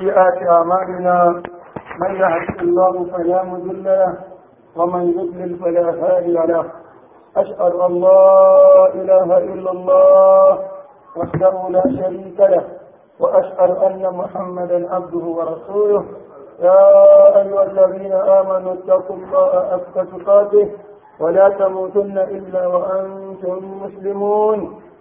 سيئات أعمالنا من يهد الله فلا مضل له ومن يضلل فلا هادي له أشهد أن لا إله إلا الله وحده لا شريك له وأشهد أن محمدا عبده ورسوله يا أيها الذين آمنوا اتقوا الله حق تقاته ولا تموتن إلا وأنتم مسلمون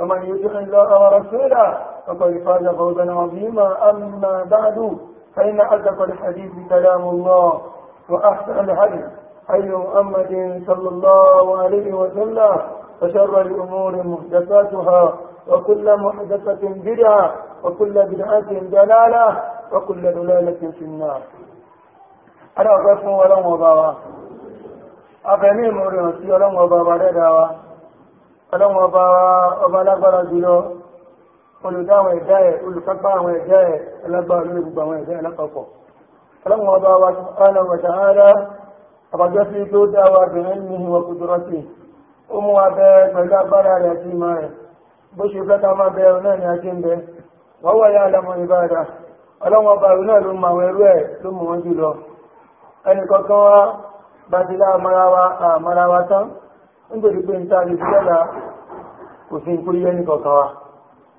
ومن يطع الله ورسوله فقد فاز فوزا عظيما أما بعد فإن أصدق الحديث كلام الله وأحسن الهدي حي محمد صلى الله عليه وسلم وشر الأمور محدثاتها وكل محدثة بدعة وكل بدعة دلالة وكل دلالة في النار أنا أقسم ولا مضاوى أفهمي مريم سي ولو مضاوى ọlọ́run ọba ọba alágbára jùlọ olùdá àwọn ẹ̀dá ẹ̀ olùkápá àwọn ẹ̀dá ẹ̀ alágbára lórí gbogbo àwọn ẹ̀dá ẹ̀ lápapọ̀ ọlọ́run ọba wa subhanahu wa ta'ala àbájọ́ sí tó dá wa bẹ̀rẹ̀ ní ìwọ̀ kùdùrọ́sì ó mú wa bẹ pẹ̀lú agbára rẹ̀ àti ìmọ̀ rẹ̀ bó ṣe fẹ́ ká máa bẹ ọ̀nà ni a ti ń bẹ wọ́n wà yá àlámọ̀ ìbára ọlọ́run ọba ìlú náà ló mọ àwọn ẹrú ẹ̀ ló mọ̀ wọ́n jùlọ ẹnì kọ̀ọ̀kan wa bá ti wa àmọ́ra wa tán nítorí pé ń ta lè fẹ́lá kò sí ń kórí ẹni kọ̀ọ̀kan wa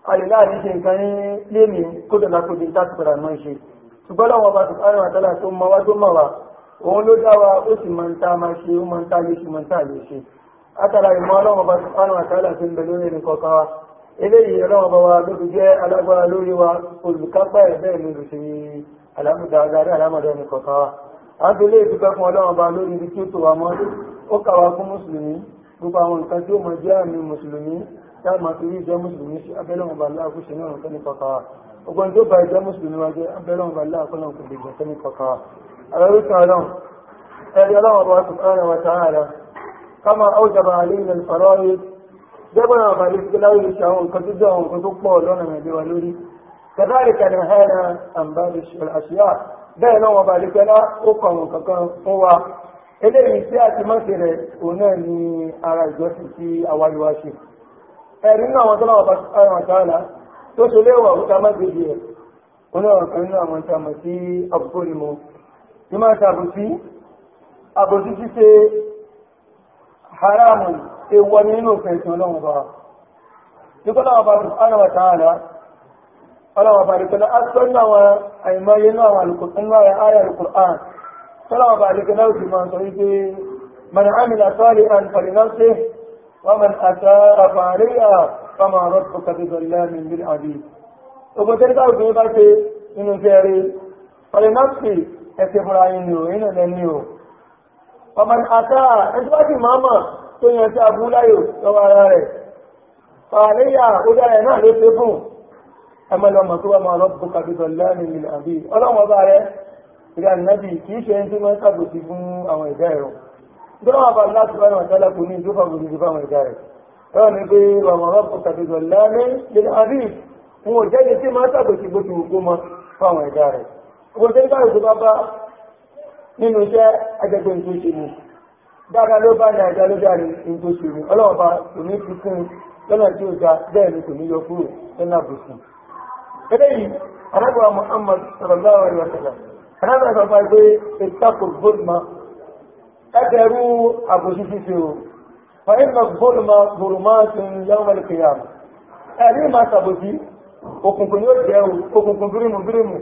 a lè láàrin ṣe nǹkan ní lémi kó dọ̀lá kò dé tá padà mọ́ ṣe ṣùgbọ́n láwọn bá tùkọ́ àrùn àtàlà tó mọ wá tó mọ̀ wá òun ló dá wa ó sì mọ̀ ń ta máa ṣe ó mọ̀ ń ta lè ṣe mọ̀ ń ta lè ṣe látara ìmọ̀ ọlọ́wọ́n bá tùkọ́ àrùn àtàlà tó ń bẹ lórí ẹni kọ̀ọ̀kan wa eléyìí ọlọ́wọ́n bá wa ló fi jẹ́ alágbára lórí wa olùkápá ẹ̀ bẹ́ẹ̀ ni olùṣèyí alámùdá adarí alámọ̀dọ́ ẹni wa a ń fi lé ìdúpẹ́ fún ọlọ́wọ́n bá lórí ibi tí ó tò wá mọ́ ó kà wá fún mùsùlùmí gbogbo àwọn nǹkan tí ó mọ̀ jẹ́ àmì mùsùlùmí tá máa fi rí ìjẹ́ mùsùlùmí sí abẹ́lẹ́wọ̀n bá láàkú ṣe náà tẹ́ni kọ̀kà ọgbọ́n tó bá ìjẹ́ mùsùlùmí wá jẹ́ abẹ́lẹ́wọ̀n bá sí láwé ìṣẹ́ àwọn nǹkan tó jẹ́ bẹ́ẹ̀ náà wọn bá lè fẹ́ ó kọ̀ kankan fún wa eléyìí tí a ti máa ń òun náà ni ara ìjọsìn tí awáyíwá ṣe ẹ̀rí nínú àwọn tọ́lá ọba àwọn àtàlà tó ṣe léwà òkúta má gbèdè ẹ̀ òun náà kan nínú àwọn ìtàmọ̀ sí àbùkù ni mo ní máa ṣe haramu nínú òfin ọlọ́run bá ọlọ́run bá rí tọ́lọ́wọ́ bá lè kẹ́lá òsì máa sọ wípé man amila salihan fali nafsihi wa man asaa fa alayha fa ma rabbuka bi dhallamin bil abid ogun tẹ́lẹ̀ ká òsì bá ṣe nínú fẹ́ẹ̀rẹ́ fali nafsihi ẹ̀sẹ̀ fúnra yín ni ò yín nàlẹ́ ni ò wa man asaa ẹ̀sẹ̀ wájú màmá tó yàn sí abúláyò lọ́wọ́ ara rẹ̀ fa alayha ó dára ẹ̀ náà ló ṣe fún ẹ̀mọ́ lọ́mọ tó wà ma rabbuka bi dhallamin bil abid ọlọ́mọ bá rẹ̀ ìrìn ànábì kìí ṣe ẹni tí wọ́n ṣàbòsí fún àwọn ẹ̀dá ẹ̀rọ dọ́wọ́ àbá láti bá wọn tẹ́lẹ̀ kò ní ìjọ fàbòsí sí fáwọn ẹ̀dá rẹ̀ ẹ̀rọ ni pé wàmọ̀ rọ́pò kàtẹ́gbọ̀ lálẹ́ lè àbí wọn ò jẹ́ni tí máa ṣàbòsí bó ti wùkú mọ fáwọn ẹ̀dá rẹ̀ owó tẹ́lẹ̀ bá ìjọ bá bá nínú iṣẹ́ ajẹgbẹ́ nǹkan ṣe ni dáadáa ló bá ní àìdá ló dáa ní nǹkan ṣe ni ọlọ́wọ́ bá kò ní fi kún lọ́nà tí ó ga bẹ́ẹ̀ ni kò ní yọ kúrò lọ́nà àbòsí. eléyìí arábìnrin Muhammad sallallahu alaihi wa sallam ẹ̀rọ sọ fún ẹgbẹ́ ìtàkù gbólùmọ́ ẹgbẹ̀rú àbòsí fífi o wọ́n yìí lọ gbólùmọ́ gbòrùmọ́ ti ń yọ ọmọ ìpè yàrá ẹ̀rí máa sàbòsí òkùnkùn yóò jẹ́ òkùnkùn gírímù gírímù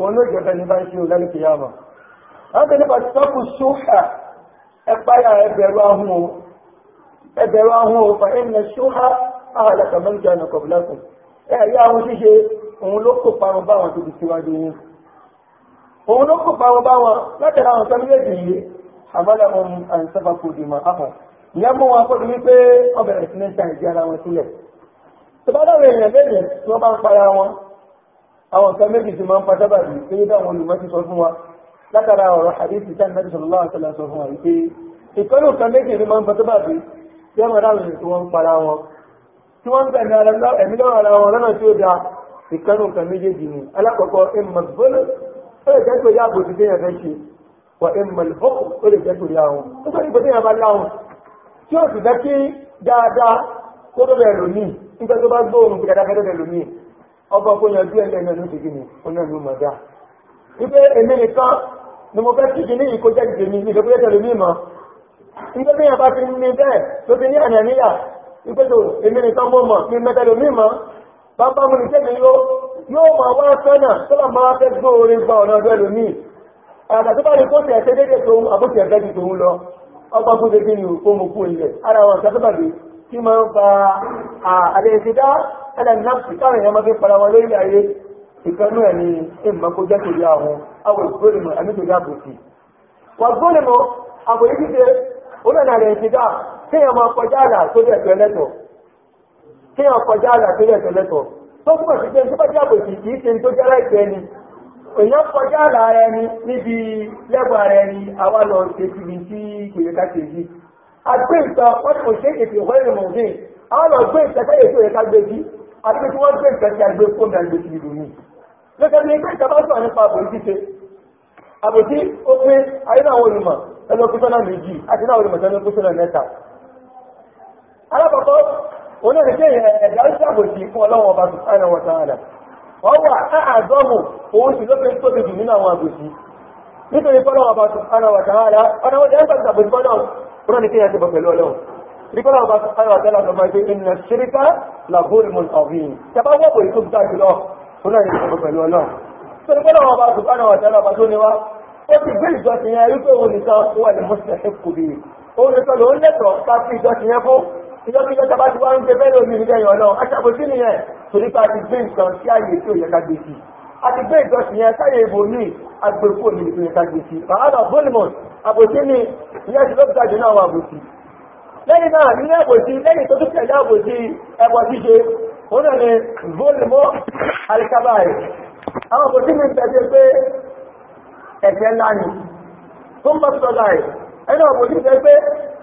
òun ló jẹ́ bẹ́ẹ̀ ní bá ń ṣe o ẹgbẹ̀rú ahun o fa ẹ̀nà ṣúhà àhàlẹ̀kà mẹ́jọ ẹ̀nà kọ̀ọ̀bùlẹ́kùn ẹ̀rí ahun ṣíṣe òun ló kó parun òun ló kò pàwọn bá wọn látẹ̀lá àwọn sọ méjèèjì yìí àbálẹ̀ ohun àìsọ́fàkù ìmọ̀ àpọ̀ ìyẹn mú wọn kó ní pé wọ́n bẹ̀rẹ̀ sí ní ṣe àìdí ara wọn sílẹ̀ tó bá dáwọn èèyàn léde tí wọ́n bá ń para wọn àwọn sọ méjì tí máa ń padà bà bí pé dáwọn olùmọ̀ ti sọ fún wa látara ọ̀rọ̀ àdéhùn ìtàn náà sọ̀rọ̀ láwọn sọ̀rọ̀ sọ fún wa wípé ìkọlù kan méjì ni máa ń padà bà bí tí wọ́n dáwọn èèyàn tí wọ́n ń para wọn tí wọ́n ń bẹ̀rẹ̀ ẹ̀mí lọ́wọ́ ara wọn lọ́nà tí ó da ìkọlù kan méjèèjì ni alákọ̀ọ́kọ́ umm ó lè jẹ́ torí àbòsí tí èèyàn fẹ́ ṣe wà ẹ̀ mọ̀lẹ́fọ́kù ó lè jẹ́ torí àwọn nítorí pé téèyàn bá láwọn tí ó sì fẹ́ kí dáadáa kó tó bẹ̀rẹ̀ lónìí nígbà tó bá gbóòrùn pé dáadáa kó tó bẹ̀rẹ̀ lónìí ọba kó yan bí ẹgbẹ́ náà ló ti gbìn ó náà ló mọ̀ dá wípé èmi nìkan ni mo fẹ́ kíkì ní ìkó jẹ́ ìdèmí ní ìdókòwò tẹ̀lé mi mọ́ ní bẹ́ẹ̀ mọ́ bàbá mo lè tẹ́lẹ̀ yó yóò máa wá sọ́nà tó lọ máa fẹ́ gbọ́ orin gba ọ̀nà ọdún ẹlòmíì àgbà tó bá lè kó tẹ̀ ṣe déédéé tòun àbókè ẹ̀fẹ́ ju tòun lọ ilẹ̀ ara wọn ṣe sábàbí tí máa ń fa àdéhìsídá ẹlẹ́nàfì táwọn èèyàn máa fi para wọn lórí ayé ìkanú ẹ̀ ni ìmọ̀ kó kí wọn kọjá àlà sílẹ̀ tẹ́lẹ̀tọ̀ tó túmọ̀ sí pé tó bá jábò sí kì í ṣe tó jẹ́ láìpẹ́ ni èèyàn kọjá àlà ara ẹni níbi lẹ́gbọ̀n ara ẹni àwa lọ ṣe ti mi sí ìpèlè káṣíyèjì àgbé ìtàn wọn kò ṣe ètò ìwé ìrìnà mi àwọn lọ gbé ìtàn sẹ́yìn tó yẹ ká gbé sí àti pé kí wọ́n gbé ìtàn sí àgbé fóònù àgbé sí ìlú mi lọ́sẹ̀ ní pé ìjọba sọ̀rọ̀ nípa àbòsí ṣe àbòsí ó pé ayé náà wọ́n olùmọ̀ ẹlọ́kùn sọ́nà méjì àti náà olùmọ̀ sọ́nà kùsọ́nà mẹ́ta onídẹ̀ẹ́dẹ́ ẹ̀dá ìṣàbòsí fún ọlọ́wọ́ ọba subhanahu wa ta'ala wọ́n wà áàzọ́mù òun sì ló fẹ́ tóbi jù nínú àwọn àbòsí nítorí fọ́lọ́wọ́ ọba subhanahu wa ta'ala ọ̀nà wọ́n jẹ́ ń gbàgbà àbòsí fọ́lọ́wọ́ rọ́ ní kéyà ti bọ̀ pẹ̀lú la zulmun azim tẹ́bá wọ́n bò ìtòbi tá jùlọ rọ́ ní kéyà ti bọ̀ pẹ̀lú ọlọ́wọ́ nítorí fọ́lọ́wọ́ ọba subhanahu wa ta'ala ọba tó ní wá ó ti gbé ìjọsìn yẹn wípé òun nìkan wà ní mọ́sílẹ̀ ìjọkíjọ́ tàbá ti wá ń jẹ bẹ́ẹ̀ lómi ìrìnlẹ̀ yọ̀ náà aṣàbòsí nìyẹn torí pé a ti gbé nǹkan sí àyè tí ò yẹ ká gbé sí a ti gbé ìjọsìn yẹn sáyè ìbò ní agbèkú òní ìpínlẹ̀ ká gbé sí bàbá bọ́límọ̀n àbòsí ni ìyẹn ti lọ́pọ̀ àjọ náà wà àbòsí lẹ́yìn náà ilé àbòsí lẹ́yìn tó tún tẹ̀lé àbòsí ẹ̀bọ̀ ṣíṣe ó náà ni bọ́límọ̀ alikabai àwọn àbòsí mi tẹ̀lé pé ẹ̀ṣẹ̀ ńlá ni tó ń bọ́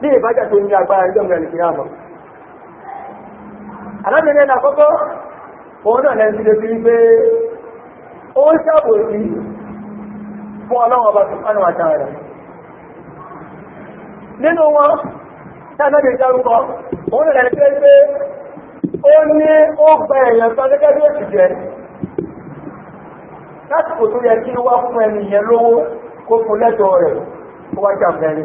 bí ìbájà tó ní agbára ẹjọ́ mìíràn kìí àmọ́. alábìnrin ẹ̀nà àkọ́kọ́ òun náà lẹ́nu sílé sí wípé ó ń ṣàbò sí fún ọlọ́wọ́ ọba sùpánù àtàrà nínú wọn tánàbí dárúkọ òun náà lẹ́nu sílé pé ó ní ó gba èèyàn kan gẹ́gẹ́ bí òsì jẹ́ láti kò tó yẹ kí wá fún ẹni yẹn lówó kó fún lẹ́tọ̀ọ́ rẹ̀ wá jàǹdà ẹni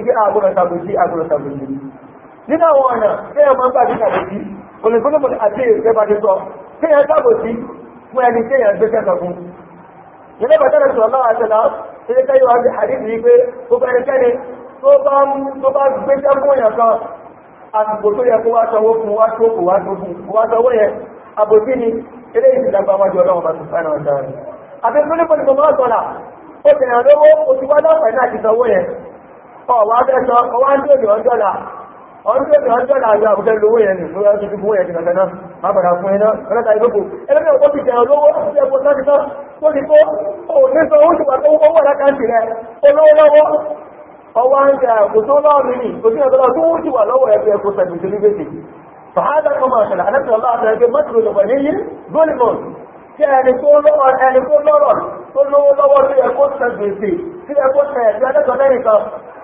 ike àgbọ̀nà tàbùsí àgbọ̀nà tàbùsí nínú àwọn ọ̀nà tí ẹ máa ń gbàgbé tàbùsí olùgbọ́nàmọ̀ àti ìfẹ́ bá ti sọ tí ẹ tàbùsí fún ẹni tí ẹ gbé kẹta fún ilé bàtà rẹ̀ sọ̀rọ̀ láwà tẹ̀lá ilé káyọ̀ àti àdìsí pé gbogbo ẹnikẹ́ni tó bá gbé sẹ́kún èèyàn kan àsìkò tó yẹ kó wá sanwó fún wá tó wá tó fún wá sanwó ni bá fẹ́ràn rẹ̀ àti ó tẹ̀yàn lówó oṣù wá ọ̀wá fẹ́ sọ ọwá ń dèrè ọjọ́là ọdún tẹ́lẹ̀ ọjọ́là àwọn àbúkẹ́ lówó yẹn nù lórí ọdún gbogbo yẹn jìnà náà má padà fún iná ọlọ́ta ìlókò ẹlẹ́gbẹ́ ọkọ̀ ti tẹ̀rọ lówó ọdún ẹ̀kọ́ láti tán tó ti kó òní sọ oúnjẹ wà tó owó lákàntì rẹ olówó lọ́wọ́ ọwá ń tẹ àkóso lọ́ọ̀mì ní òsì ẹ̀tọ́lá tó oúnjẹ wà lọ́wọ́ ẹ̀fẹ́ ẹ̀kọ́ sàgbèsè ní gbèsè fàhádà kọmọ ọ̀sẹ̀lá anẹ́tọ̀lá àti ẹgbẹ́ mọ́tò lọ́wọ́ níyí gbólímọ̀n tí ẹni tó lọ́rọ̀ tó lówó lọ́wọ́ sí ẹ̀kọ́ sàgbèsè sí ẹ̀kọ́ sàgbèsè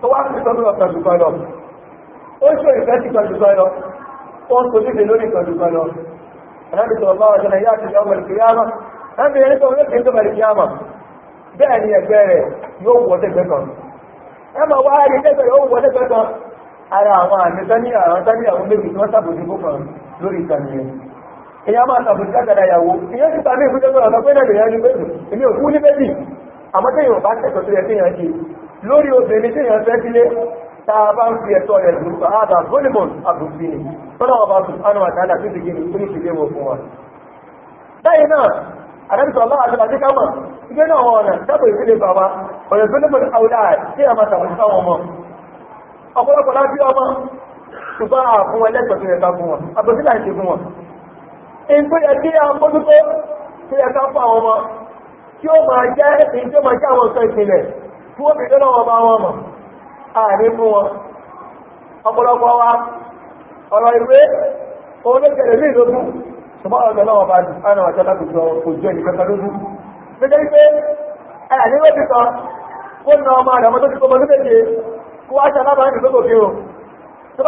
tó wá ní sọ́dún ọ̀kan jù kan lọ ó ṣe ìfẹ́ sí kan jù kan lọ ó ń sojú lórí kan jù kan lọ ẹ̀rẹ́bì sọ̀rọ̀ bá ọjọ́ nàìjíríà ti lọ́mọ ìkìyàmà ẹ̀rẹ́bì ẹni tó wípé tó mẹ́rin kìyàmà bẹ́ẹ̀ ni ẹgbẹ́ rẹ̀ yóò wọ́ tẹ́gbẹ́ kan ẹ mọ̀ wá rí tẹ́gbẹ́ yóò wọ́ tẹ́gbẹ́ kan ara àwọn àmì tání àwọn tání àwọn méjì tí wọ́n sàbòjú fún kan lórí ìkànnì yẹn èyàn máa sàbòjú látara ìyàwó ìyẹn ti tàbí ìfúnjẹ́ lọ́rọ̀ sọ pé náà lè yẹn ní méjì èmi ò kú ní méjì àmọ́ tẹ́yìn ò bá tẹ̀sọ̀ tó yẹ kéèyàn ṣe lórí obìnrin tí èèyàn fẹ́ sílé tàà bá ń fi ẹ̀tọ́ rẹ̀ lù àádà volimon àbùsí ni tọ́nà ọba sùpánù àtàlà tó ti gini tó ní ìṣẹ́lẹ̀ wọ fún wa lẹ́yìn náà àdábìsọ̀ ọlá àti àti kámà ìgbé náà wọn ọ̀nà sábò ìdílé bàbá ọ̀nà volimon tí a máa sàwọn sáwọn ọmọ ọ̀pọ̀lọpọ̀ lábí ọmọ ṣùgbọ́n àfún wọn lẹ́tọ̀ọ́ tó yẹ ká fún wọn àbòsí náà ṣe fún wọn nǹkan a mójútó tó yẹ ká fún àwọn ọmọ tí ó máa jẹ́ èyí tó máa jẹ́ àwọn nǹkan ìpìlẹ̀ tí wọ́n fi lọ́wọ́ wọn mọ̀ àní fún wọn ọ̀pọ̀lọpọ̀ wa ọ̀rọ̀ ìwé òun ní ìlógún ṣùgbọ́n ọ̀rọ̀ lọ́wọ́ bá jù ánà wà tẹ́lá kùsọ òjò ẹni kankan lójú nítorí pé àní ló ti sọ kó na ọmọ àdàmọ́ tó ti kó mọ́tò méje kó wá ṣe alábàá ní lókò kírun tó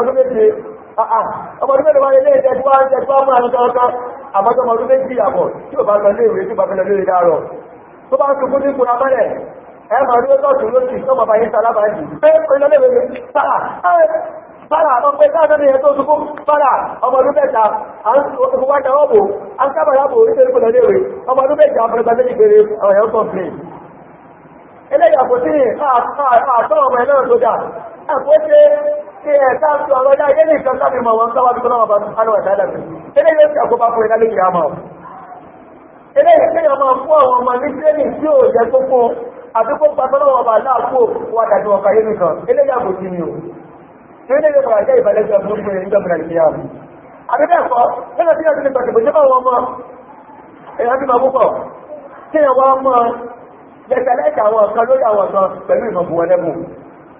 bá Ah, ah. ọmọ ọdún mẹ́rin wáyé lé tó bá ń ní ẹ máa rí ọjọ́ mi sára sára tó sára ọmọ ọdún mẹ́ta àwọn àkóṣe ṣe ẹ̀ta sọ̀rọ̀ ẹ̀dá ilé ní ìjọba mi mọ̀ wọn bí kọ́lọ́wọ́ bá sánú ẹ̀dá mi ilé yóò ṣe àkóbá fún ẹ̀dá lókè àmọ́ ilé yìí pé ọmọ fún àwọn ọmọ ní o ilé yóò padà jẹ́ ìbàlẹ̀ jọ fún fún ìjọba mi nàìjíríà mi àbí bẹ́ẹ̀ kọ́ nínú tí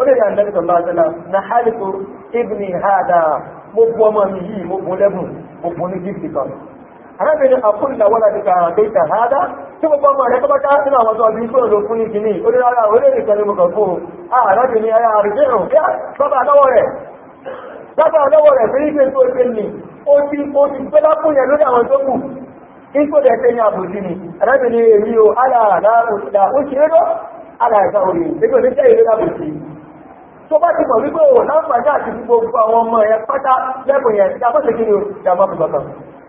ó lè yàn lẹ́gbẹ̀ẹ́ sọ̀lá àtẹ́lá na hálìkù ibni hada mo bu ọmọ mi yìí mo bu lẹ́bùn mo bu ní gíftì kan arábìnrin àkúnnà wọ́n láti ka àrùn déta hádá tí mo bọ́ mọ̀ rẹ̀ kọ́kọ́ dá sínú àwọn tó ọdún tó fún ní kìíní ó dé ara orí èdè fún o arábìnrin ara àrùjẹ́rùn bí bàbá lọ́wọ́ rẹ̀ bàbá lọ́wọ́ rẹ̀ fẹ́rí tó ṣe ó ti tó bá ti mọ̀ wípé òun láǹfààní àti gbogbo àwọn ọmọ yẹn pátá lẹ́kùn yẹn tí a bá ṣe kí ni ìjàmbá fi lọ́tàn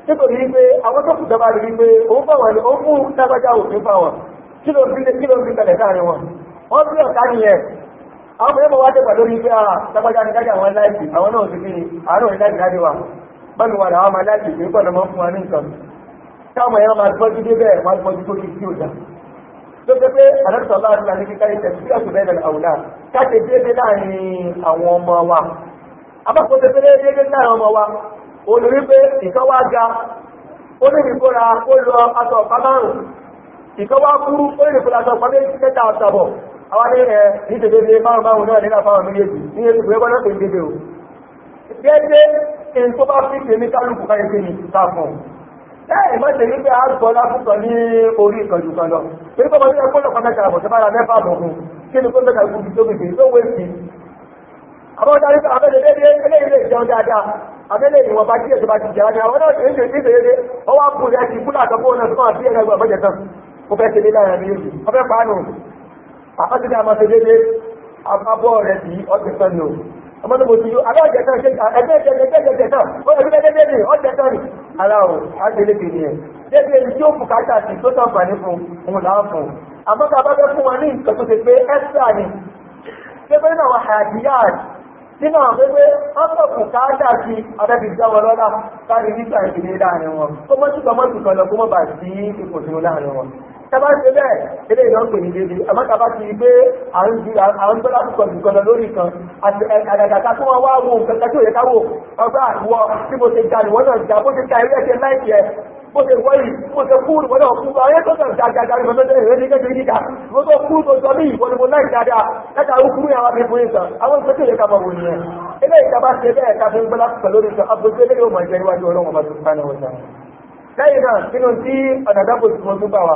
nítorí wípé àwọn tó kù rí wípé òun ó òfin kí ló fi tẹ̀lẹ̀ wọn wọ́n bí ọ̀tá nìyẹn àwọn ọmọ wá ah, ní àwọn náà ni àárọ̀ ní wa ní nǹkan ló jẹ́ pé àdàtọ̀ láàrin àti kíkà ìtẹ̀ sí ọ̀sùn bẹ́ẹ̀ lọ àwùlá káṣe déédéé láàrin àwọn ọmọ wa abáko ṣe pé déédéé láàrin ọmọ wa olórí pé ìkan wá ga ó ní ìfúra ó lọ aṣọ ọ̀pá márùn-ún ìkan wá kúrú ó ní ìfúra aṣọ ọ̀pá méjì mẹ́ta àtàbọ̀ àwọn ní ẹ̀ ní déédéé márùn márùn náà nígbà fáwọn méjèèjì ní ètò ìwé gbọ́dọ̀ pé déédéé o ẹ̀ má tẹ̀lé pé a gbọ́ lápútọ̀ ní orí ìkànjú kan lọ pé kọ́kọ́ ní ẹgbẹ́ ọlọ́pàá mẹ́ta àbọ̀ sẹ́fà mẹ́fà bọ̀ kí ni kó mẹ́ta gúbi tó gbèsè tó wé sí àwọn ọ̀dà nípa abẹ́lẹ̀ dédé eléyìí lè jẹun dáadáa abẹ́lẹ̀ ìwọ̀n bá díẹ̀ tó bá ti jẹ́ ara àwọn náà ṣe ń ṣe dédé ọwọ́ àpòlẹ̀ ẹ̀sìn kúlà àtọ́kọ́ náà tó máa bí ẹ̀rọ tán ó fẹ́ ṣe ọmọdé mo ti yó aláàjẹta ẹgbẹ́ ìjẹjẹjẹjẹta ó ẹgbẹ́ ìjẹjẹjẹ ọjẹta ni ara ò ágbélé kìíní ẹ̀ débi èyí tí ó fún káàkiri àti tó tàn gbà ní fún òun làá fún àmọ́ tá a bá fẹ́ fún wọn ní nǹkan tó ti pé ẹ́sà ni pépé náà wà hàdíyàd nínú àwọn pépé ọkọ̀ fún káàkiri àti abẹ́bí ìjáwọ lọ́la káàkiri nígbà ìdílé tẹ́bá ṣe bẹ́ẹ̀ ilé ìlọ́ pè ní débi àmọ́ tàbá ti rí pé àwọn gbọ́dá púpọ̀ nìkan lọ lórí kan àti àgàgàta tó wọn wá wo nǹkan kan tí ò yẹ ká wò ọgbà àwọ tí mo ṣe jalè wọ́n náà jà bó ṣe ka ilé ẹ̀ṣẹ̀ láìpì ẹ̀ bó ṣe wọ́yì bó ṣe kúrú wọ́n náà kúrú àwọn ẹ̀ṣọ́ náà jàjàjà rẹ̀ mọ́tò ẹ̀rẹ́ ní kékeré níta mo tó kúrú tó sọ ní ìwọ ni mo láì dáadáa láti àwọn kúrú yàrá mi fún ìtàn àwọn nǹkan tí ò yẹ ká mọ̀ wò nìyẹn ilé ìjọba ṣe bẹ́ẹ̀ ká fi ń gbọ́dá pẹ̀lú ìtàn àbúṣe lè yóò mọ̀ jẹ́ iwájú ọlọ́run ọba tó ń bá náà wọ̀ lẹ́yìn náà nínú tí ọ̀nà dábò tí mo tún bá wa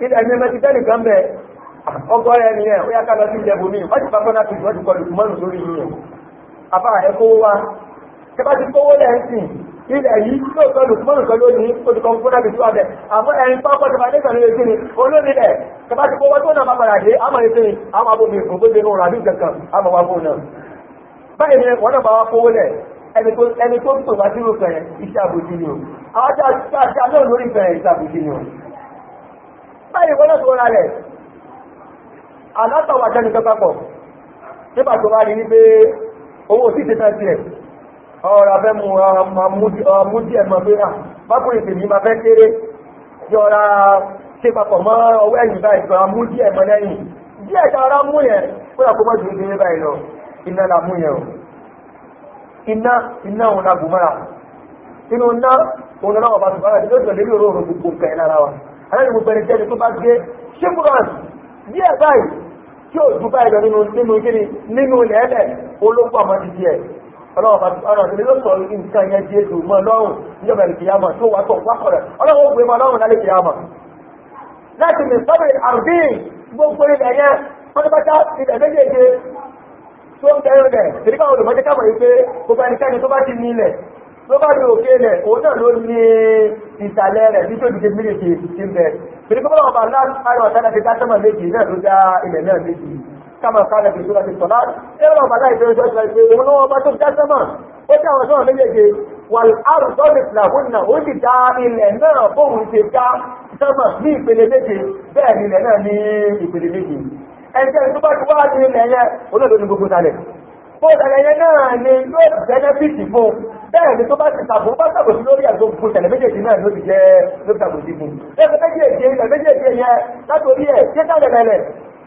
ẹ̀mí mẹ́tí tẹ́lì kan bẹ̀ ọgọ́ ẹni ẹ̀ ó yá ká lọ sí ìjẹ̀bù mi wọ́n ti bá fọ́nà fi wọ́n ti kọlu mọ́nù lórí yìí àbá ẹ̀kọ́ wa tẹ́bá ti kówó lẹ́sìn ilẹ̀ yìí tí ó kọlu mọ́nù kan i ó ti kọlu fọ́nà fi tó abẹ àmọ́ ẹ̀yìn pápọ̀ tẹ́bá ní sọ̀rọ̀ èsì ni olónilẹ̀ tẹ́bá ti kówó tó náà a lórí iṣẹ́ àbòjì báyìí wọ́n lọ́sùn wọ́nà rẹ̀ alátọ̀wà jẹ́ nìkan papọ̀ nígbà tó bá rí ní pé owó sí ti tẹ́sí ẹ̀ ọ̀rọ̀ fẹ́ mú ọmú díẹ̀ mọ̀ pé à bákùnrin sì ma fẹ́ kéré yọra ṣe papọ̀ mọ́ ọwọ́ ẹ̀yìn báyìí kan mú díẹ̀ mọ́ lẹ́yìn díẹ̀ tara mú yẹn kó yà kó mọ́ ju ìdílé báyìí lọ iná la mú yẹn o iná iná òun la mọ́ra inú iná òun lọ́wọ́ bá tó bá rẹ̀ tó tẹ̀lé lórí òun gbogbo kẹ́ lára wa àlẹ́ ìwọ̀n bẹ̀rẹ̀ jẹ́ ni tó bá gbé ṣíkùrán díẹ̀ báyìí tí ò ju báyìí lọ nínú nínú kíni nínú lẹ́lẹ̀ olóko àmọ́ ti díẹ̀ ọlọ́run ti ló sọ nǹkan yẹn di ètò mọ́ lọ́rùn níjọba ìkìyàmọ̀ tó wà tó wákọ̀rẹ̀ ọlọ́run ó gbé mọ́ lọ́rùn lálẹ́ ìkìyàmọ̀ láti lè sọ́bẹ̀ àrùdín gbogbo ilẹ̀ yẹn wọ́n bá já ilẹ̀ méjèèjì tó ń tẹ́rù rẹ̀ ló bá ní òkè rẹ̀ òun náà ló ní ìsàlẹ̀ rẹ̀ ní tó dìde mílìkì ìsìn rẹ̀ pẹ̀lú pé bọ́lá ọba láàrín ọ̀tá ti dáṣọ́mọ̀ méjì náà ló dá ilẹ̀ náà méjì kama kálẹ̀ fi sóra ti sọ̀lá ẹ̀rọ ọba láì fẹ́ sọ́ọ́ ìgbà ìwọ̀n lọ́wọ́ ọba tó dáṣọ́mọ̀ ó dá àwọn sọ́ọ̀ méjèèjì wà láàrùn sọ́ọ̀lì ìsìlàbùn náà ó sì dá ilẹ̀ náà bóun ṣe dá sọ́mọ̀ ní ìpele méje bẹ́ẹ̀ ni ilẹ̀ náà ní ìpele méje ẹgbẹ́ tó bá ti wá ní ilẹ̀ yẹn olóòdó ni gbogbo talẹ̀ tó ẹ̀yẹ náà ni yóò bẹ́nẹ́fìtì fún bẹ́ẹ̀ ni tó bá ti sàbò bá sàbò sí lórí àjọ fún tẹ̀lé méjèèjì náà ló ti jẹ́ ló ti sàbò sí fún. ẹ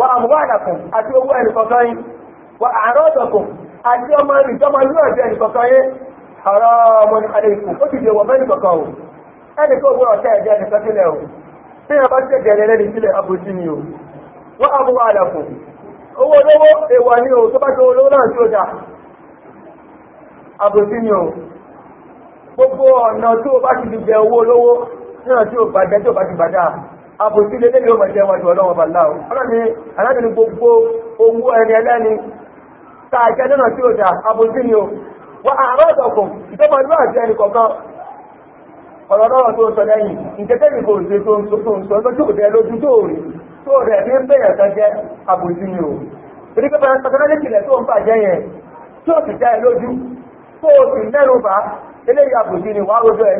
wa àmúwàlàkùn àti owó ẹnìkọ̀ọ̀kan yín wa àrọ́dọ̀kùn àti ọmọ ìjọmọ ìlú ẹ̀dẹ̀ ẹnìkọ̀ọ̀kan yín ọ̀rọ̀ ọmọ nìkanlẹ̀ ikú o ẹnì kó gbọ́dọ̀ tẹ́ ẹ̀dẹ̀ ẹnìkan sílẹ̀ o bí tí ó bá ti jẹ owó olówó náà tí bàjẹ́ àbòsí lé lẹ́yìn ọmọ ìjẹun àjò ọlọ́wọ́ bàláwò ọlọ́ni alábìnrin gbogbo owó ẹni ẹlẹ́ni tààjẹ́ nínà tí na àbòsí ni ó wà ìjọba ìlú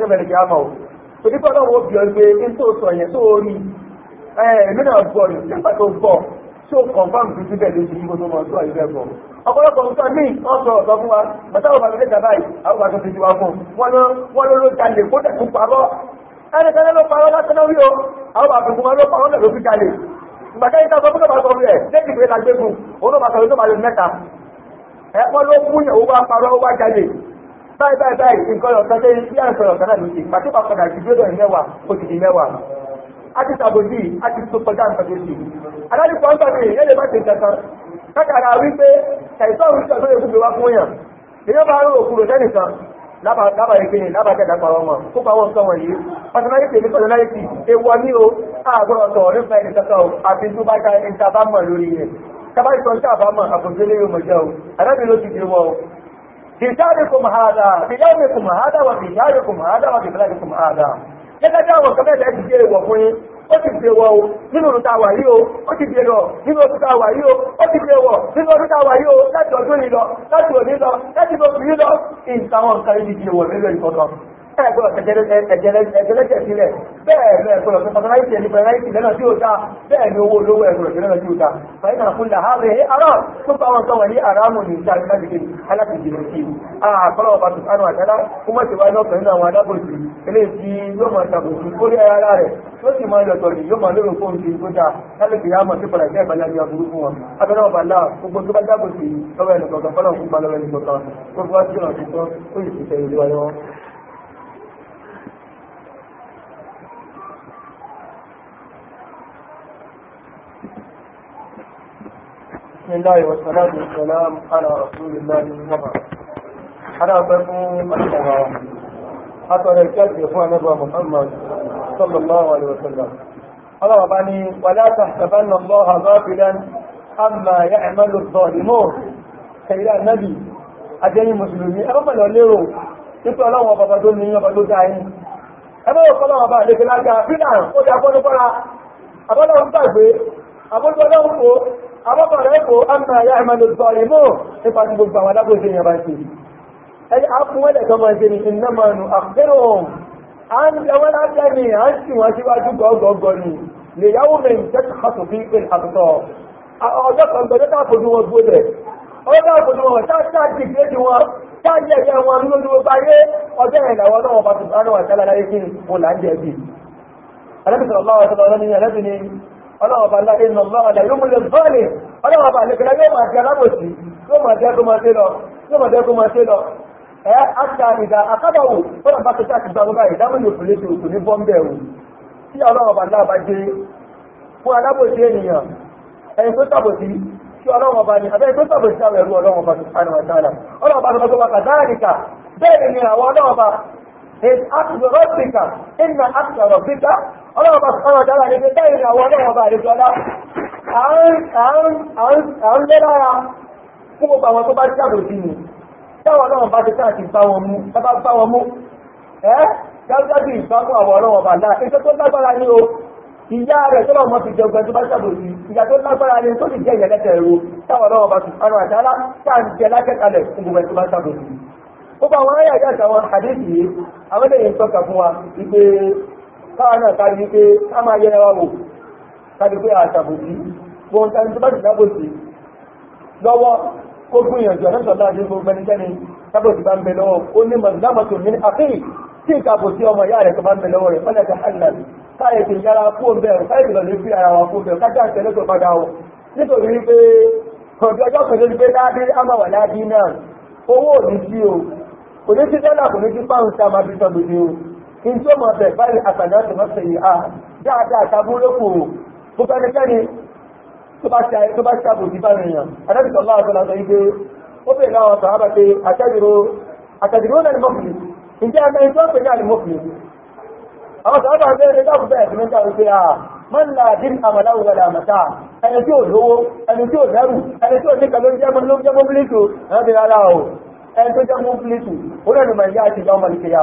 àti tó o òdípọ̀ lọ́wọ́ obì ọgbẹ́ ní tó sọ yẹn tó rí ẹ̀ẹ́mìnà so rẹ̀ nípa tó gbọ́ tó kọ̀nfàm tó síbẹ̀ gbogbo ọ̀pọ̀lọpọ̀ fún wa bàtà ọba báyìí àwọn fún wọn wọn ló ló jalè kó ẹni ló o àwọn wọn ló fi jalè yìí ọba rẹ̀ lẹ́yìn òun ló bàtà báyìí báyìí báyìí nǹkan ọ̀kan tẹ́lẹ̀ sí àìsàn ọ̀kan náà ló ti pàtó pàpàdà ti gbé lọ́rin mẹ́wàá ó ti di mẹ́wàá a ti sàbòjì a ti tó kọjá nǹkan tó sì adájúkọ ń sọ̀rọ̀ èyí lè má ti kankan kákàrà wípé ṣàìsàn òun ṣàtúnṣe gbogbo wa fún yàn èyí bá rò òkúrò sẹ́nìkan lábàá ìpínlẹ̀ lábàájẹ́ ìdápàrọ̀ ọmọ tó pa wọn sọ́wọ́n yìí pàtàkì èmi sọ̀rọ̀ láìsí ewọ ní o àgbọ̀rọ̀ sọ̀rọ̀ nípa ẹni kankan o àti tó bá ka ẹni tá a bá mọ̀ lórí rẹ̀ tá a bá sọ ní tá a bá mọ̀ àbòjúlé yóò mọ̀ jẹ́ o àdábìló ti dìrò wọ́n o بشاركم هذا بيومكم هذا وبشاركم هذا وببلادكم هذا gẹ́gẹ́ bí àwọn kẹ́mẹ́ta ẹ̀ ti jẹ́ ìwọ̀ fún yín ó ti fi wọ̀ nínú ọdún tàwà yìí o ó ti fi wọ̀ nínú ọdún tàwà yìí o ó ti fi wọ̀ nínú ọdún tàwà yìí láti ọdún yìí láti òní lọ láti gbogbo yìí ìtàwọn nǹkan yìí wọ̀ nílẹ̀ ìtọ́nà ẹ gbọ́dọ̀ tẹ̀jẹ̀lẹ́jẹ̀ sílẹ̀ bẹ́ẹ̀ lọ ẹ gbọ́dọ̀ fún fọtọláìtì ẹni fọtọláìtì lẹ́nà tí ó ta bẹ́ẹ̀ ni owó olówó ẹ gbọ́dọ̀ lẹ́nà tí ó ta fàyínà fún là hàbẹ̀ ẹ ará tó bá wọn sọ̀rọ̀ ní àràmù ní ìta ní láti kéde aláti jìnnà sí i àkọlọ́ ọba tó sánú àtẹ́lá kó mọ̀ sí wáyé ọkùnrin náà àwọn adábòsí eléyìí tí yóò máa ṣàbòsí kórí ara rẹ̀ tó sì máa yọ̀tọ̀ ní yóò máa lérò fún oúnjẹ tó dáa lálẹ́ kìí àmọ̀ sí fọ̀rọ̀ ìjẹ́ ìbálẹ̀ ní aburú fún wọn abẹ́rẹ́ ọba náà gbogbo بسم الله والصلاة والسلام على رسول الله وبعد حرام أبنكم السلام حتى ركبت إخوان محمد صلى الله عليه وسلم الله أبني ولا تحسبن الله غافلا أما يعمل الظالمون سيدنا النبي أجل المسلمين أبا لو ليرو nípa ọlọ́wọ́ bàbá tó ní ọba ló dá yìí ẹgbẹ́ ọ̀pọ̀lọ́wọ́ bá lè fi lágbà fílà ó dá fọ́nú fọ́ra abọ́lọ́wọ́ gbàgbé àbọ̀bọ̀rọ̀ ẹ̀kọ́ àmà ayé àmàlò sọ̀rìmọ́ nípa ti gbogbo àwọn alábòsí ìyàbá ti ẹni àfúnwẹ́lẹ̀ kan máa ṣe ní ìnámanu àfẹ́rùn à ń lọ́wọ́ lábẹ́ ni à ń sì wọ́n síwájú gọ́gọ́gọ́ ni lè yáwó mẹ́rin tẹ́tù kàtó bí pé àtọ́ ọjọ́ kan gbọ́dọ̀ tá àfojú wọn gbọ́dẹ̀ ọjọ́ àfojú wọn tá tá dìgbé ju wọn tá yẹ̀yẹ́ wọn lójú wọn báyé ọjọ́ yẹn làwọn náà wọn bá tún bá náà wọn tẹ́lá láyé kí wọn là ń jẹ̀bi. alẹ́ ọlọ́wọ́ bá láyé nà lọ́wọ́ dà yóò múlẹ̀ bọ́ọ̀lì ọlọ́wọ́ bá lẹ́kẹ̀lẹ́ yóò máa jẹ alábòsí yóò máa jẹ́ kó máa ṣe lọ yóò máa jẹ́ kó máa ṣe lọ ẹ àtà ìdá àkábàwò fọlọ́ bá tẹ̀sí àti gbàgbọ́ báyìí dámú ní òfin léṣe òkú ní bọ́m̀bẹ̀ o tí ọlọ́wọ́ bá náà bá jẹ fún alábòsí ènìyàn ẹni tó tàbòsí tí ọlọ́wọ́ bá ní abẹ́ni tó tàbòsí àwọn ẹ̀rú ọlọ́wọ́ bá sùpánù àtàlà ọlọ́wọ́ bá tọ́kọ́ bá kàdáàríkà bẹ́ẹ̀ ni àwọn ọlọ́wọ́ bá is ọlọ́ọ̀bá sọ́rọ̀ dára ní pé fún gbogbo àwọn tó bá sí táwọn ti sáà ti bá wọn mú ẹ́ àwọn o ìyá rẹ̀ tó lọ́mọ jẹun tó bá sí ìyá tó lágbára ní tó ẹ̀rọ táwọn ti jẹ lákẹ́kalẹ̀ fún gbogbo bá sí ayé àjá àtàwọn àdéhìí àwọn tọ́ka káwọn náà kárí wípé ká máa yẹra wa wò kárí pé àtàbòsí gbọ́n tani tó bá ti dábòsí lọ́wọ́ kó gbìyànjú àtàtàlá àti gbogbo ẹnikẹ́ni dábòsí bá ń bẹ lọ́wọ́ ó ní mọ̀lámọ̀tò ní àfihì tí ìkàbòsí ọmọ ìyá rẹ̀ tó bá ń bẹ lọ́wọ́ rẹ̀ fọ́nà ti hàlà káyẹ̀ ti yára fóun bẹ̀rẹ̀ káyẹ̀ ti lọ lè fi ara wa fóun bẹ̀rẹ̀ kájà ìṣẹ̀lẹ̀ tó padà wọ̀ nítorí wípé kọ̀ọ̀dù ọjọ́ kan ló ti pé láàbí àmàwà láàbí náà owó òní sí o kò ní sí ìjọ mọ̀ bẹ̀ báyìí àtàdá tó mọ́sẹ̀ yìí a dáadáa tàbúrókù bó fẹ́nikẹ́ni tó bá ṣàbò sí bá rìnyàn adájọ́ ọlá àtọ́lá sọ ìgbé ó bèèrè láwọn sàábà pé àtàdìrò náà ni mọ́kùnrin ìjẹ́ ẹgbẹ́ ìjọ pè ní àlìmọ́kùnrin àwọn sàábà bẹ́ẹ̀ dáàbò bẹ́ẹ̀ sí mẹ́ta wípé a man la din amalahu wala mata ẹni tí ò lówó ẹni tí ò lẹ́rù ẹni tí ò ní kàlórí jẹ́mọ́ ló jẹ́mọ́ bílítù ẹni tí ó jẹ́mọ́ bílítù ó lẹ́nu mọ̀ ìyá àti ìjọ ọmọ ìkẹyà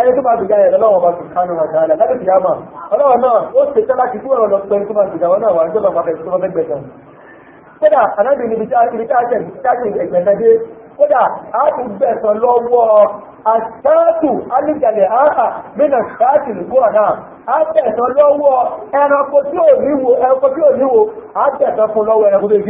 ẹni tó bá ti jáyẹ̀ lọ́wọ́ bá ti kánú ọ̀tá rẹ̀ lábẹ́ ti yámà ọlọ́wọ́ náà ó ṣe tẹ́lá ti kú ọ̀rọ̀ lọ́pẹ́ tó bá ti jáwọ́ náà wà ní ọlọ́pàá fẹ́ tó fẹ́ gbẹ̀sán kódà anábì níbi táàkì ẹgbẹ̀sẹ̀dé kódà a ti gbẹ̀sán lọ́wọ́ àṣáàtù alìjàlẹ̀ àhà mínà ṣáàtì lùkúrọ̀ náà á tẹ̀sán lọ́wọ́ ẹranko tí ò níwò ẹranko tí ò níwò wo ah, kan lọ ó wá fún ní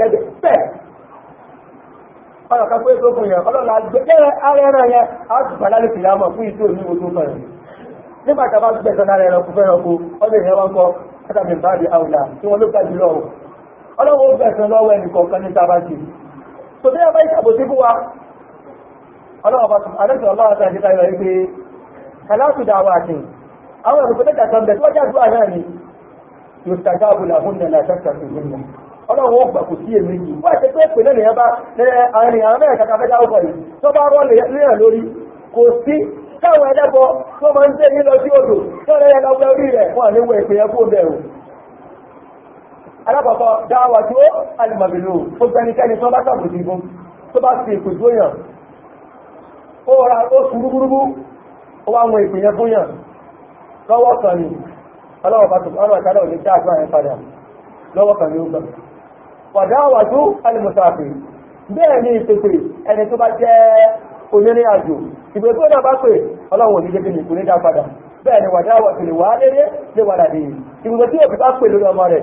lẹ́gbẹ̀ẹ́ ọ̀rọ̀ kan pé tó yẹn ọlọ́run àgbẹ̀ ara ẹran yẹn á fún ìlú a bá gbẹ̀sán lára ẹranko fẹ́ràn ọdún ìyẹn wọn kọ́ látàbí bá di àwùlà tí wọ́n ló gbà jùlọ ọlọ́run ó tó bí ọba ìṣàbò sí fún wa ọlọ́ọ̀bá àdẹ́sọ̀ ọlọ́wọ́ tó àṣíta ìwà wípé kàláàtù dáwà àti àwọn ẹ̀rùn na ya bẹ̀ tó wájá àdúrà náà ni yóò tàgá àbúlà fún nàlà àṣàkà sí ìlú ọlọ́wọ́ ó kò sí èmi yìí wọ́n àti pé pẹ̀lẹ́ nìyẹn bá àárín àwọn mẹ́rin kàkà fẹ́ dáwọ́ alákọ̀ọ́kọ́ dáwà tó alìmọ̀bìlò ó gbẹnikẹ́ni tó bá sàbòsí fún tó bá fi èkó tó yàn ó ra ó sùn rúgbúrúgbú ó wá wọn ìpìyàn fún yàn lọ́wọ́ kan ni ọlọ́wọ́ bẹ́ẹ̀ ni wàdáwà tó lè wà léré lè wà dàdé ìgbùgbò tí òkè bá pè lórí ọmọ rẹ̀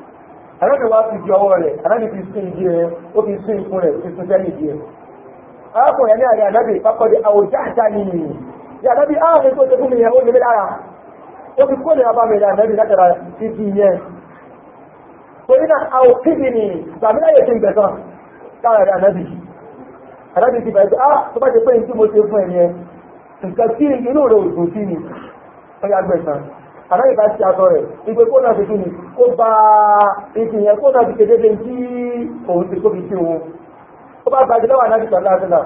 àlọ́dẹ̀ wá fi di ọwọ́ rẹ̀ àlọ́dẹ̀ fi sún ìdí rẹ̀ ó fi sún ikú rẹ̀ fi sún sẹ́yìn ìdí rẹ̀ arákùnrin ní àrẹ àdábì pápọ̀dé àwòjá àjá ni nìyí ní àdábì ààrẹ tó ṣe fún mi yẹn ó lè mí lára ó fi kó lè ra bá mi rẹ̀ àdábì látara ti di yẹn torí náà àwò kíbi ni gbàmí láyè ti gbẹ̀sán lára rẹ̀ àdábì àdábì ti bàjẹ́ ah tó bá ti pé ní tí mo ṣe fún ẹ̀ yẹn nǹkan tí inú rẹ̀ ò dùn sí ni ó yà gbẹ̀sán àdáyé bá ti àtọ rẹ̀ ìpè kó náà ti kí ni kó bá ìtì yẹn kó náà ti kéde bí tí òun ti tóbi sí òun ó bá bá jìlọ́wọ́ ànábì pẹ̀lú àdúrà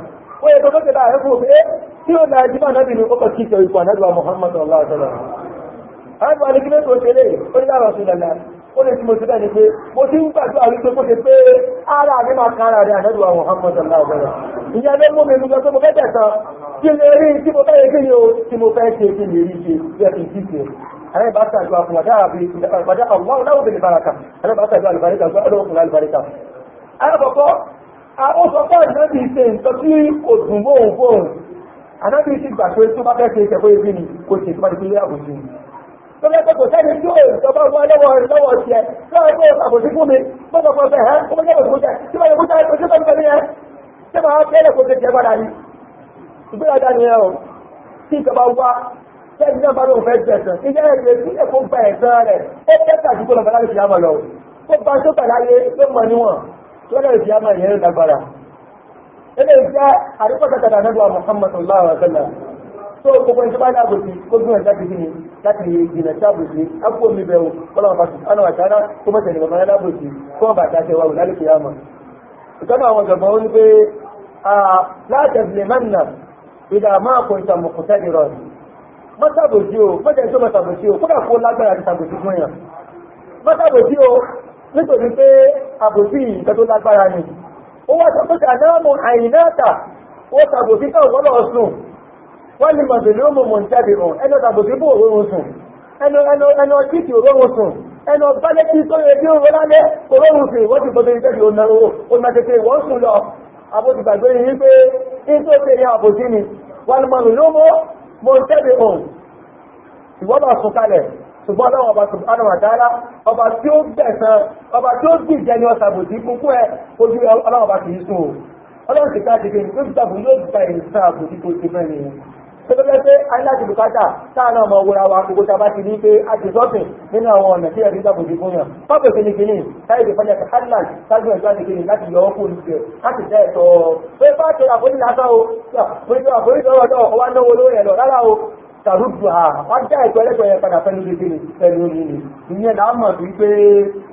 ó yẹ kókó kéde àyẹ̀kú òfin ẹ́ tí ó náà jìmọ̀ ànábì ni ó kọ̀ kí ìṣẹ̀ ipò ànábì wa Muhammad sallallahu alaihi wasallam wa ni kí lóko ṣe lè ó ní lára ọ̀sùn lẹ́la ó lè ti mo bẹ́ẹ̀ pé mo ara mi máa kan ara rẹ̀ ìyá mú mi أنا بعثت أدعاء ودعا ودعا الله له بالبركة أنا بعثت أدعاء البركة وأدعو من البركة أنا بقول àwọn sọ fún àìsànbí ṣe nǹkan tí òdùn mọ́hùn fóòrùn àdábí ti gbà pé tó bá fẹ́ ṣe ìṣẹ̀kọ́ ibi ni kò sì tó bá ti lé àbòsí ni tó bá tọ́kọ̀ sẹ́ni tí ó ìjọba wọn lọ́wọ́ rẹ̀ lọ́wọ́ ti ẹ̀ lọ́wọ́ tó àbòsí fún mi tó sọ fún ọ̀fẹ́ ẹ̀ ó jẹ́ òkú jẹ́ tí wọ́n yẹ kó jẹ́ tó tó tó yẹ tí wọ́n tẹ́lẹ̀ kó jẹ́ padà ni ìgbéraga ni ẹ̀ o tí ìjọba wá Bẹ́ẹ̀ni náà bá lóun fẹ́ jẹ̀sán, ìyá ẹ̀rẹ̀ ìpínlẹ̀ kó gba ẹ̀sán rẹ̀, ó kẹ́kà jù kó lọ bẹ̀rẹ̀ láti àmà lọ. Ó bá tó bẹ̀rẹ̀ ayé ló mọ̀ níwọ̀n, tó lẹ́rẹ̀ sí àmà ìyẹn lágbára. Ilé iṣẹ́ àríkọ̀tàkàtà náà wà Muhammad Allah wa sallam. Tó gbogbo ẹni tó bá dáàbò sí, kó gbìyànjú láti fi ni láti ìgbìnà sáàbò sí, ápò mi bẹ̀rù, kọ́lọ́mà bá sùn, ánà àtàrà, kó mọ̀ tẹ̀lé bàbá lábò sí, kó mọ̀ bàtà ṣe wà wù lálẹ́ kìí àmà. Ìtọ́nà àwọn ìjọba ó ní pé, láti ẹ̀sìn lè máa nà, ìdààmú àkóńtà mọ̀kútẹ́ ìrọ̀rùn. mọ́tàbòjì o mọ́tàbòjì tó o kódà kó lágbára àti tàbòjì fún o nítorí pé àbòjì nǹkan tó ni ó wà sọ pé àìnáàtà ó tàbòjì náà wọ́n lọ sùn wọ́n lè mọ̀ tẹ̀lé ọmọ mọ̀ jáde hàn ẹnu tàbòjì bó òórùn sùn ẹnu ẹnu ẹnu ọtí kì sùn ẹnu ọbálẹ̀ kí sọ́yẹ kí òórùn lálẹ́ sùn wọ́n ti mo ń tẹ́lẹ̀ òun ìwọ́n bá sùn kalẹ̀ ṣùgbọ́n láwọn ọba subhanahu wa ta'ala ọba tí ó gbẹ̀san ọba tí ó gbìjẹ ní ọ̀sà bòtí kúkú ẹ ojú ọlọ́wọ́ bá kì í sùn o ọlọ́run ti ká ti fi ní ó ti yóò gba ìsàn àbòtí tó ti mẹ́rin tẹ́lẹ́lẹ́ pé aláti bùkátà táànà ọmọ wúra wa gbogbo tàbá ti ní pé a ti sọ́sìn nínú àwọn ọ̀nà tí ẹ̀rí ìtàkùn ti fún yàn pápẹ̀ kìíní kìíní táìsì fọ́jà ti hàlàn sáájú ẹ̀jọ́ àti kìíní láti yọ ọkùn ìṣẹ̀ láti tẹ́ ẹ̀tọ́ pé bá ṣe àforíjì lásán o àforíjì ọ̀rọ̀ ọ̀dọ́ ọ̀wá náwó lórí ẹ̀lọ́ rárá o tàrúdù ha wọ́n já ẹ̀tọ́ ẹlẹ́tọ̀ yẹn padà pẹ̀lú gbèsè ni pẹ̀lú omi ni ìyẹn náà mọ̀ sí pé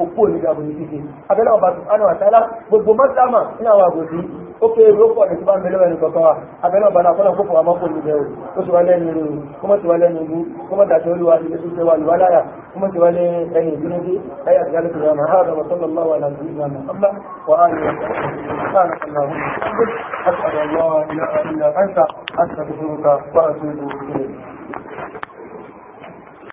òkú òní ìdàbò ní títì abẹ́lẹ́ ọba sùpánù àtàlá gbogbo mọ́tàmà ní àwọn àgòsí ó pé èrò pọ̀ ní sípà mẹ́lẹ́wẹ̀ ní kọ̀ọ̀kan wa abẹ́lẹ́ ọba náà fọ́nà fọ́fọ́ àmọ́ fòlù bẹ̀rù ó ti wá lẹ́nu ìlú kó mọ̀ ti wá lẹ́nu ìlú kó mọ̀ dàtí olúwa ti lẹ́sùn ṣe wà lùwà láyà kó mọ̀ ti wá lẹ́nu ẹni ìdúró bí ẹ̀yà ti yálùkù yàmà ha rẹ̀ wọ́sọ́lọ́ lọ́wọ́ wà láti ìlú àmà أستغفرك وأتوب إليك